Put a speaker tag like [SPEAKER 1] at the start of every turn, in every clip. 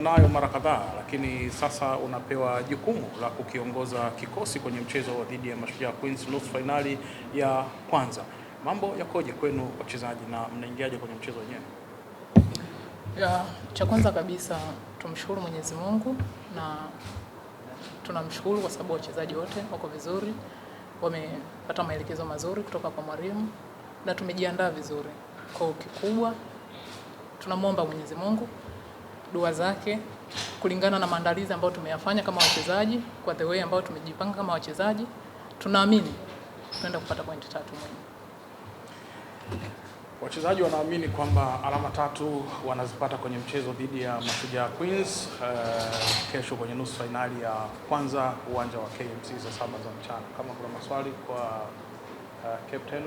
[SPEAKER 1] nayo mara kadhaa, lakini sasa unapewa jukumu la kukiongoza kikosi kwenye mchezo dhidi ya Mashujaa Queens nusu fainali ya kwanza. Mambo yakoje kwenu wachezaji na mnaingiaje kwenye mchezo wenyewe?
[SPEAKER 2] Ya, cha kwanza kabisa tumshukuru Mwenyezi Mungu na tunamshukuru kwa sababu wachezaji wote wako vizuri, wamepata maelekezo mazuri kutoka kwa mwalimu na tumejiandaa vizuri. Kwa kikubwa tunamwomba Mwenyezi Mungu dua zake kulingana na maandalizi ambayo tumeyafanya kama wachezaji, kwa the way ambayo tumejipanga kama wachezaji, tunaamini tunaenda kupata pointi tatu muhimu.
[SPEAKER 1] Wachezaji wanaamini kwamba alama tatu wanazipata kwenye mchezo dhidi ya Mashujaa Queens uh, kesho kwenye nusu fainali ya kwanza uwanja wa KMC saa saba za mchana. Kama kuna maswali kwa uh, captain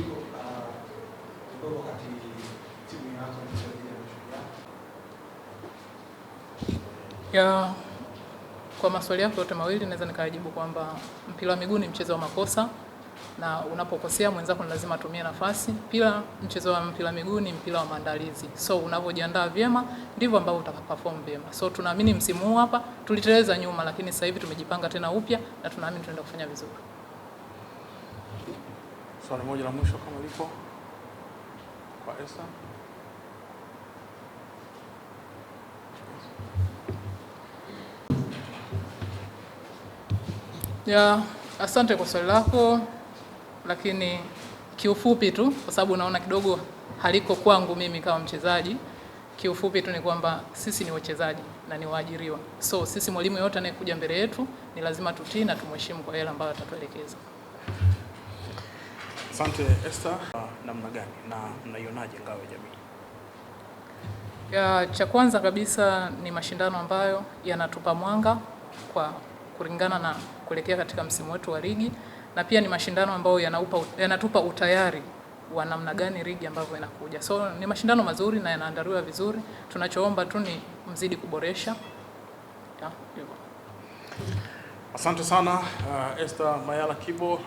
[SPEAKER 1] Ah,
[SPEAKER 2] timu yako ya kwa maswali yako yote mawili naweza nikajibu kwamba mpira wa miguu ni mchezo wa makosa na unapokosea mwenzako ni lazima atumie nafasi. pila mchezo wa mpira miguu ni mpira wa maandalizi, so unavyojiandaa vyema ndivyo ambavyo utakaperform vyema. So tunaamini msimu huu hapa tuliteleza nyuma, lakini sasa hivi tumejipanga tena upya na tunaamini tunaenda kufanya vizuri
[SPEAKER 1] swali moja la mwisho kama lipo kwa Esa.
[SPEAKER 3] Ya, asante kwa swali lako, lakini kiufupi tu, kwa sababu unaona kidogo haliko kwangu mimi kama mchezaji. Kiufupi tu ni kwamba sisi ni wachezaji na ni waajiriwa, so sisi mwalimu yote anayekuja mbele yetu ni lazima tutii na tumheshimu kwa hela ambayo atatuelekeza.
[SPEAKER 1] Asante Esther. Namna gani na mnaionaje ngao ya jamii?
[SPEAKER 2] Ya, cha kwanza kabisa ni mashindano ambayo yanatupa mwanga kwa kulingana na kuelekea katika msimu wetu wa ligi na pia ni mashindano ambayo yanaupa, yanatupa utayari wa namna gani ligi ambavyo inakuja. So ni mashindano mazuri na yanaandaliwa vizuri. Tunachoomba tu ni mzidi kuboresha. Ya, hivyo.
[SPEAKER 1] Asante sana uh, Esther Mayala Kibo.